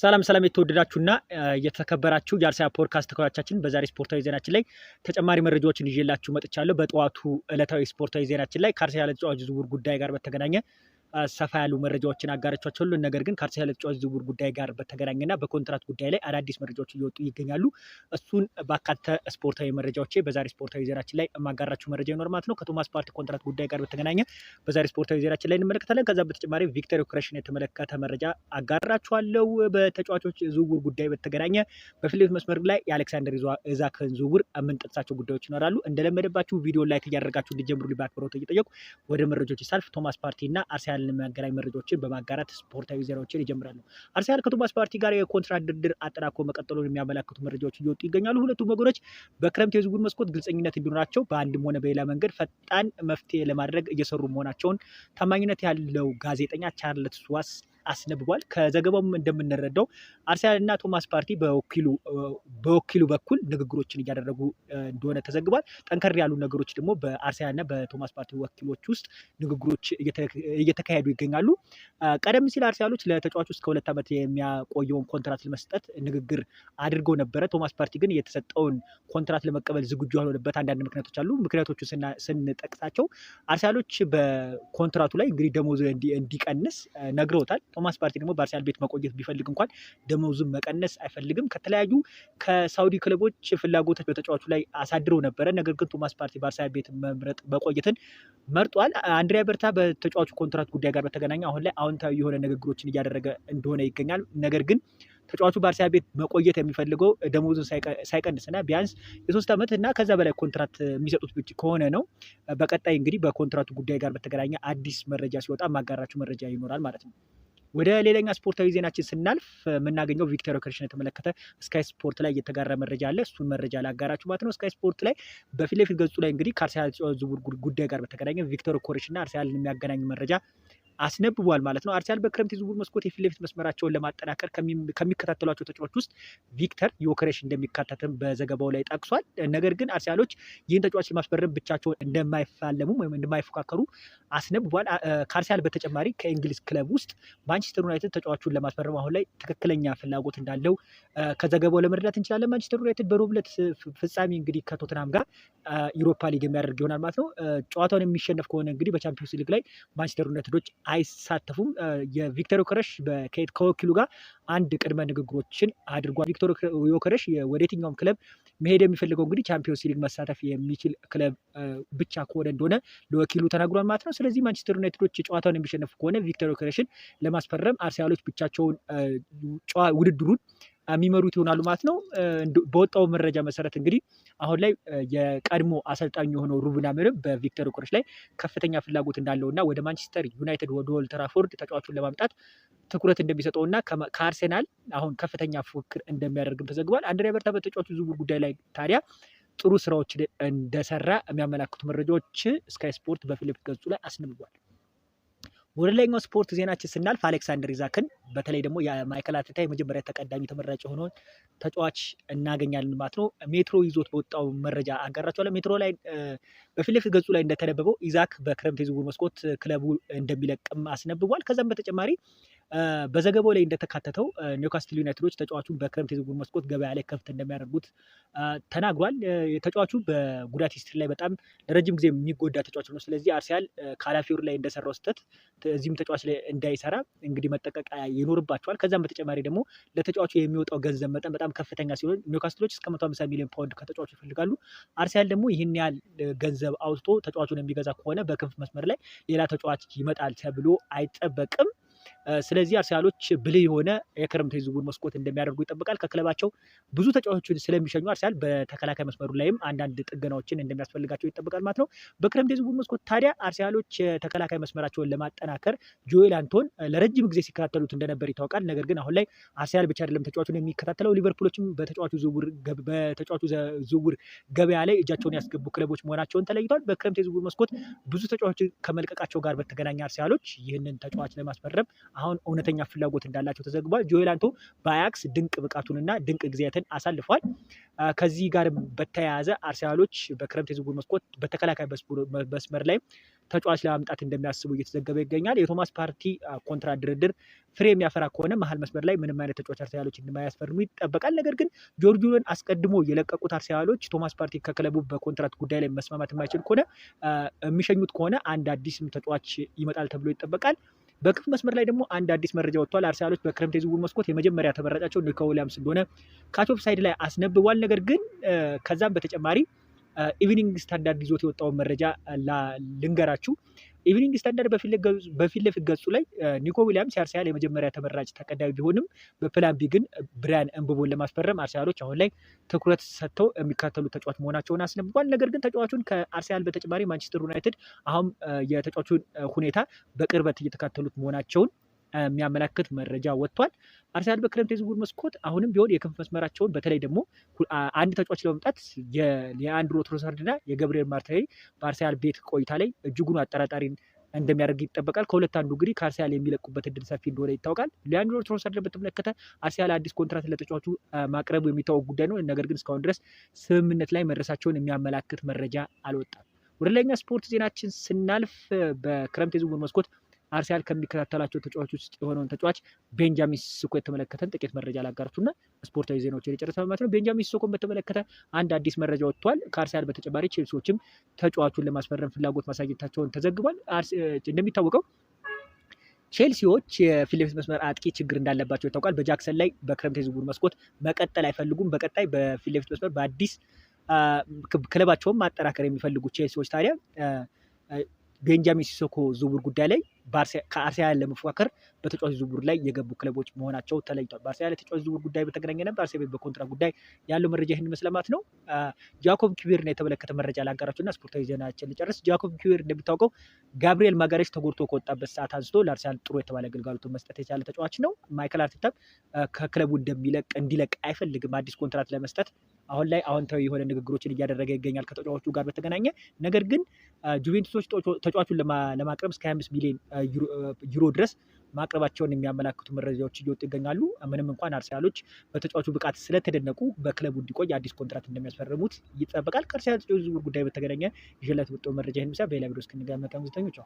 ሰላም ሰላም የተወደዳችሁና የተከበራችሁ የአርሰያ ፖድካስት ተከታዮቻችን በዛሬ ስፖርታዊ ዜናችን ላይ ተጨማሪ መረጃዎችን ይዤላችሁ መጥቻለሁ። በጠዋቱ ዕለታዊ ስፖርታዊ ዜናችን ላይ ከአርሰናል ለተጫዋች ዝውውር ጉዳይ ጋር በተገናኘ ሰፋ ያሉ መረጃዎችን አጋረቻቸው። ሁሉን ነገር ግን ከአርሰናል ተጫዋች ዝውውር ጉዳይ ጋር በተገናኘና በኮንትራት ጉዳይ ላይ አዳዲስ መረጃዎች እየወጡ ይገኛሉ። እሱን ባካተ ስፖርታዊ መረጃዎች በዛሬ ስፖርታዊ ዜናችን ላይ የማጋራችሁ መረጃ ይኖር ማለት ነው። ከቶማስ ፓርቲ ኮንትራት ጉዳይ ጋር በተገናኘ በዛሬ ስፖርታዊ ዜናችን ላይ እንመለከታለን። ከዛ በተጨማሪ ቪክተር ዮክረስን የተመለከተ መረጃ አጋራችኋለሁ። በተጫዋቾች ዝውውር ጉዳይ በተገናኘ በፊት መስመር ላይ የአሌክሳንደር ኢዛክን ዝውውር የምንጠቅሳቸው ጉዳዮች ይኖራሉ። እንደለመደባችሁ ቪዲዮ ላይክ እያደረጋችሁ እንዲጀምሩ በአክብሮት እየጠየቁ ወደ መረጃዎች ሳልፍ ቶማስ ፓርቲ እና አርሰናል ለማገናኝ መረጃዎችን በማጋራት ስፖርታዊ ዜናዎችን ይጀምራሉ። አርሰናል ከቶማስ ፓርቲ ጋር የኮንትራት ድርድር አጠናክሮ መቀጠሉን የሚያመላክቱ መረጃዎች እየወጡ ይገኛሉ። ሁለቱም ወገኖች በክረምት የዝውውር መስኮት ግልጸኝነት እንዲኖራቸው በአንድም ሆነ በሌላ መንገድ ፈጣን መፍትሄ ለማድረግ እየሰሩ መሆናቸውን ታማኝነት ያለው ጋዜጠኛ ቻርለስ ዋስ አስነብቧል። ከዘገባውም እንደምንረዳው አርሰናል እና ቶማስ ፓርቲ በወኪሉ በኩል ንግግሮችን እያደረጉ እንደሆነ ተዘግቧል። ጠንከር ያሉ ነገሮች ደግሞ በአርሰናል እና በቶማስ ፓርቲ ወኪሎች ውስጥ ንግግሮች እየተካሄዱ ይገኛሉ። ቀደም ሲል አርሰናሎች ለተጫዋቹ እስከ ሁለት ዓመት የሚያቆየውን ኮንትራት ለመስጠት ንግግር አድርገው ነበረ። ቶማስ ፓርቲ ግን የተሰጠውን ኮንትራት ለመቀበል ዝግጁ ያልሆነበት አንዳንድ ምክንያቶች አሉ። ምክንያቶቹ ስንጠቅሳቸው አርሰናሎች በኮንትራቱ ላይ እንግዲህ ደሞዝ እንዲቀንስ ነግረውታል። ቶማስ ፓርቲ ደግሞ በአርሰናል ቤት መቆየት ቢፈልግ እንኳን ደመወዙን መቀነስ አይፈልግም። ከተለያዩ ከሳውዲ ክለቦች ፍላጎቶች በተጫዋቹ ላይ አሳድረው ነበረ። ነገር ግን ቶማስ ፓርቲ በአርሰናል ቤት መምረጥ መቆየትን መርጧል። አንድሪያ በርታ በተጫዋቹ ኮንትራት ጉዳይ ጋር በተገናኘ አሁን ላይ አዎንታዊ የሆነ ንግግሮችን እያደረገ እንደሆነ ይገኛል። ነገር ግን ተጫዋቹ በአርሰናል ቤት መቆየት የሚፈልገው ደሞዙን ሳይቀንስና ቢያንስ የሶስት ዓመት እና ከዛ በላይ ኮንትራት የሚሰጡት ብቻ ከሆነ ነው። በቀጣይ እንግዲህ በኮንትራቱ ጉዳይ ጋር በተገናኘ አዲስ መረጃ ሲወጣ ማጋራችሁ መረጃ ይኖራል ማለት ነው። ወደ ሌላኛ ስፖርታዊ ዜናችን ስናልፍ የምናገኘው ቪክተር ኦኬሬሽን የተመለከተ ስካይ ስፖርት ላይ እየተጋራ መረጃ አለ። እሱን መረጃ ላጋራችሁ ማለት ነው። ስካይ ስፖርት ላይ በፊት ለፊት ገጹ ላይ እንግዲህ ከአርሰናል ዝውውር ጉዳይ ጋር በተገናኘ ቪክተር ኦኬሬሽን እና አርሰናልን የሚያገናኝ መረጃ አስነብቧል ማለት ነው። አርሰናል በክረምት የዝውውር መስኮት የፊት ለፊት መስመራቸውን ለማጠናከር ከሚከታተሏቸው ተጫዋቾች ውስጥ ቪክተር ዮከሬሽ እንደሚካተትም በዘገባው ላይ ጠቅሷል። ነገር ግን አርሰናሎች ይህን ተጫዋች ለማስፈረም ብቻቸውን እንደማይፋለሙ ወይም እንደማይፎካከሩ አስነብቧል። ከአርሰናል በተጨማሪ ከእንግሊዝ ክለብ ውስጥ ማንቸስተር ዩናይትድ ተጫዋቹን ለማስፈረም አሁን ላይ ትክክለኛ ፍላጎት እንዳለው ከዘገባው ለመረዳት እንችላለን። ማንቸስተር ዩናይትድ በሮብለት ፍጻሜ እንግዲህ ከቶትናም ጋር ዩሮፓ ሊግ የሚያደርግ ይሆናል ማለት ነው። ጨዋታውን የሚሸነፍ ከሆነ እንግዲህ በቻምፒዮንስ ሊግ ላይ ማንቸስተር ዩናይትዶች አይሳተፉም። የቪክተር ዮከረሽ ከወኪሉ ጋር አንድ ቅድመ ንግግሮችን አድርጓል። ቪክተር ዮከረሽ ወደ የትኛውም ክለብ መሄድ የሚፈልገው እንግዲህ ቻምፒዮንስ ሊግ መሳተፍ የሚችል ክለብ ብቻ ከሆነ እንደሆነ ለወኪሉ ተናግሯል ማለት ነው። ስለዚህ ማንቸስተር ዩናይትዶች ጨዋታውን የሚሸነፉ ከሆነ ቪክተር ዮከረሽን ለማስፈረም አርሰናሎች ብቻቸውን ውድድሩን የሚመሩት ይሆናሉ ማለት ነው። በወጣው መረጃ መሰረት እንግዲህ አሁን ላይ የቀድሞ አሰልጣኙ የሆነው ሩበን አሞሪም በቪክተር ዮከረስ ላይ ከፍተኛ ፍላጎት እንዳለው እና ወደ ማንቸስተር ዩናይትድ ወደ ኦልድ ትራፎርድ ተጫዋቹን ለማምጣት ትኩረት እንደሚሰጠው እና ከአርሴናል አሁን ከፍተኛ ፉክክር እንደሚያደርግም ተዘግቧል። አንድሪያ በርታ በተጫዋቹ ዝውውር ጉዳይ ላይ ታዲያ ጥሩ ስራዎች እንደሰራ የሚያመላክቱ መረጃዎች ስካይ ስፖርት በፊሊፕ ገጹ ላይ አስነብቧል። ወደ ላይኛው ስፖርት ዜናችን ስናልፍ አሌክሳንደር ኢዛክን በተለይ ደግሞ የማይከል አርቴታ የመጀመሪያ ተቀዳሚ ተመራጭ የሆነውን ተጫዋች እናገኛለን ማለት ነው። ሜትሮ ይዞት በወጣው መረጃ አጋራቸዋለ። ሜትሮ ላይ በፊት ለፊት ገጹ ላይ እንደተነበበው ኢዛክ በክረምት የዝውውር መስኮት ክለቡ እንደሚለቅም አስነብቧል። ከዛም በተጨማሪ በዘገባው ላይ እንደተካተተው ኒውካስትል ዩናይትዶች ተጫዋቹን በክረምት የዝውውር መስኮት ገበያ ላይ ከፍት እንደሚያደርጉት ተናግሯል። ተጫዋቹ በጉዳት ሂስትሪ ላይ በጣም ለረጅም ጊዜ የሚጎዳ ተጫዋች ነው። ስለዚህ አርሲያል ካላፊዮሪ ላይ እንደሰራው ስህተት እዚህም ተጫዋች ላይ እንዳይሰራ እንግዲህ መጠቀቅ ይኖርባቸዋል። ከዛም በተጨማሪ ደግሞ ለተጫዋቹ የሚወጣው ገንዘብ መጠን በጣም ከፍተኛ ሲሆን ኒውካስትሎች እስከ መቶ ሚሊዮን ፓውንድ ከተጫዋቹ ይፈልጋሉ። አርሲያል ደግሞ ይህን ያህል ገንዘብ አውጥቶ ተጫዋቹን የሚገዛ ከሆነ በክንፍ መስመር ላይ ሌላ ተጫዋች ይመጣል ተብሎ አይጠበቅም። ስለዚህ አርሰናሎች ብልህ የሆነ የክረምት ዝውውር መስኮት እንደሚያደርጉ ይጠብቃል። ከክለባቸው ብዙ ተጫዋቾችን ስለሚሸኙ አርሰናል በተከላካይ መስመሩ ላይም አንዳንድ ጥገናዎችን እንደሚያስፈልጋቸው ይጠብቃል ማለት ነው። በክረምት የዝውውር መስኮት ታዲያ አርሰናሎች ተከላካይ መስመራቸውን ለማጠናከር ጆኤል አንቶን ለረጅም ጊዜ ሲከታተሉት እንደነበር ይታወቃል። ነገር ግን አሁን ላይ አርሰናል ብቻ አይደለም ተጫዋቹን የሚከታተለው ሊቨርፑሎችም በተጫዋቹ ዝውውር ገበያ ላይ እጃቸውን ያስገቡ ክለቦች መሆናቸውን ተለይቷል። በክረምት የዝውውር መስኮት ብዙ ተጫዋቾች ከመልቀቃቸው ጋር በተገናኘ አርሰናሎች ይህንን ተጫዋች ለማስፈረም አሁን እውነተኛ ፍላጎት እንዳላቸው ተዘግቧል። ጆኤል አንቶ በአያክስ ድንቅ ብቃቱንና ድንቅ ጊዜያትን አሳልፏል። ከዚህ ጋር በተያያዘ አርሰናሎች በክረምት የዝውውር መስኮት በተከላካይ መስመር ላይ ተጫዋች ለማምጣት እንደሚያስቡ እየተዘገበ ይገኛል። የቶማስ ፓርቲ ኮንትራት ድርድር ፍሬ የሚያፈራ ከሆነ መሀል መስመር ላይ ምንም አይነት ተጫዋች አርሰናሎች እንደማያስፈርሙ ይጠበቃል። ነገር ግን ጆርጂዮን አስቀድሞ የለቀቁት አርሰናሎች ቶማስ ፓርቲ ከክለቡ በኮንትራት ጉዳይ ላይ መስማማት የማይችል ከሆነ የሚሸኙት ከሆነ አንድ አዲስም ተጫዋች ይመጣል ተብሎ ይጠበቃል። በክፍት መስመር ላይ ደግሞ አንድ አዲስ መረጃ ወጥቷል። አርሰናሎች በክረምት የዝውውር መስኮት የመጀመሪያ ተመራጫቸው ኒኮ ዊሊያምስ እንደሆነ ካቾፕ ሳይድ ላይ አስነብቧል። ነገር ግን ከዛም በተጨማሪ ኢቪኒንግ ስታንዳርድ ይዞት የወጣውን መረጃ ልንገራችሁ። ኢቭኒንግ ስታንዳርድ በፊት ለፊት ገጹ ላይ ኒኮ ዊሊያምስ የአርሰናል የመጀመሪያ ተመራጭ ተቀዳሚ ቢሆንም በፕላን ቢ ግን ብሪያን እምብቦን ለማስፈረም አርሰናሎች አሁን ላይ ትኩረት ሰጥተው የሚካተሉ ተጫዋች መሆናቸውን አስነብቧል። ነገር ግን ተጫዋቹን ከአርሰናል በተጨማሪ ማንቸስተር ዩናይትድ አሁን የተጫዋቹን ሁኔታ በቅርበት እየተካተሉት መሆናቸውን የሚያመላክት መረጃ ወጥቷል። አርሰናል በክረምት የዝውውር መስኮት አሁንም ቢሆን የክንፍ መስመራቸውን በተለይ ደግሞ አንድ ተጫዋች ለመምጣት የአንድሮ ትሮሳርድና የገብርኤል ማርቲኔሊ በአርሰናል ቤት ቆይታ ላይ እጅጉን አጠራጣሪን እንደሚያደርግ ይጠበቃል። ከሁለት አንዱ እንግዲህ ከአርሰናል የሚለቁበት እድል ሰፊ እንደሆነ ይታወቃል። ሊያንድሮ ትሮሳርድ በተመለከተ አርሰናል አዲስ ኮንትራት ለተጫዋቹ ማቅረቡ የሚታወቅ ጉዳይ ነው። ነገር ግን እስካሁን ድረስ ስምምነት ላይ መድረሳቸውን የሚያመላክት መረጃ አልወጣም። ወደ ላይኛ ስፖርት ዜናችን ስናልፍ በክረምት የዝውውር መስኮት አርሰናል ከሚከታተላቸው ተጫዋቾች ውስጥ የሆነውን ተጫዋች ቤንጃሚን ሲስኮ የተመለከተን ጥቂት መረጃ ላጋራችሁና ስፖርታዊ ዜናዎች የጨረሰ ማለት ነው። ቤንጃሚን ሲስኮን በተመለከተ አንድ አዲስ መረጃ ወጥቷል። ከአርሰናል በተጨማሪ ቼልሲዎችም ተጫዋቹን ለማስፈረም ፍላጎት ማሳየታቸውን ተዘግቧል። እንደሚታወቀው ቼልሲዎች የፊት ለፊት መስመር አጥቂ ችግር እንዳለባቸው ይታወቃል። በጃክሰን ላይ በክረምት የዝውውር መስኮት መቀጠል አይፈልጉም። በቀጣይ በፊት ለፊት መስመር በአዲስ ክለባቸውን ማጠናከር የሚፈልጉ ቼልሲዎች ታዲያ ቤንጃሚን ሲሶኮ ዝውውር ጉዳይ ላይ ከአርሰናል ለመፎካከር በተጫዋች ዝውውር ላይ የገቡ ክለቦች መሆናቸው ተለይቷል። በአርሰናል የተጫዋች ዝውውር ጉዳይ በተገናኘ ነበር። አርሰናል በኮንትራት ጉዳይ ያለው መረጃ ይህን መስለማት ነው። ጃኮብ ኪዊርን የተመለከተ መረጃ ላጋራችሁ እና ስፖርታዊ ዜናችን ልጨርስ። ጃኮብ ኪዊር እንደሚታወቀው ጋብሪኤል ማጋሬሽ ተጎድቶ ከወጣበት ሰዓት አንስቶ ለአርሰናል ጥሩ የተባለ አገልጋሎቱን መስጠት የቻለ ተጫዋች ነው። ማይከል አርቴታም ከክለቡ እንደሚለቅ እንዲለቅ አይፈልግም። አዲስ ኮንትራት ለመስጠት አሁን ላይ አዎንታዊ የሆነ ንግግሮችን እያደረገ ይገኛል ከተጫዋቹ ጋር በተገናኘ ነገር ግን ጁቬንቱሶች ተጫዋቹን ለማቅረብ እስከ 25 ሚሊዮን ዩሮ ድረስ ማቅረባቸውን የሚያመላክቱ መረጃዎች እየወጡ ይገኛሉ። ምንም እንኳን አርሰናሎች በተጫዋቹ ብቃት ስለተደነቁ በክለቡ እንዲቆይ አዲስ ኮንትራት እንደሚያስፈርሙት ይጠበቃል። ከአርሰናል ተጫዋች ዝውውር ጉዳይ በተገናኘ ይዤላችሁ የወጣው መረጃ ይህን ይመስላል። በሌላ ቪዲዮ እስክንገናኝ መልካም ጊዜ ተመኘሁ።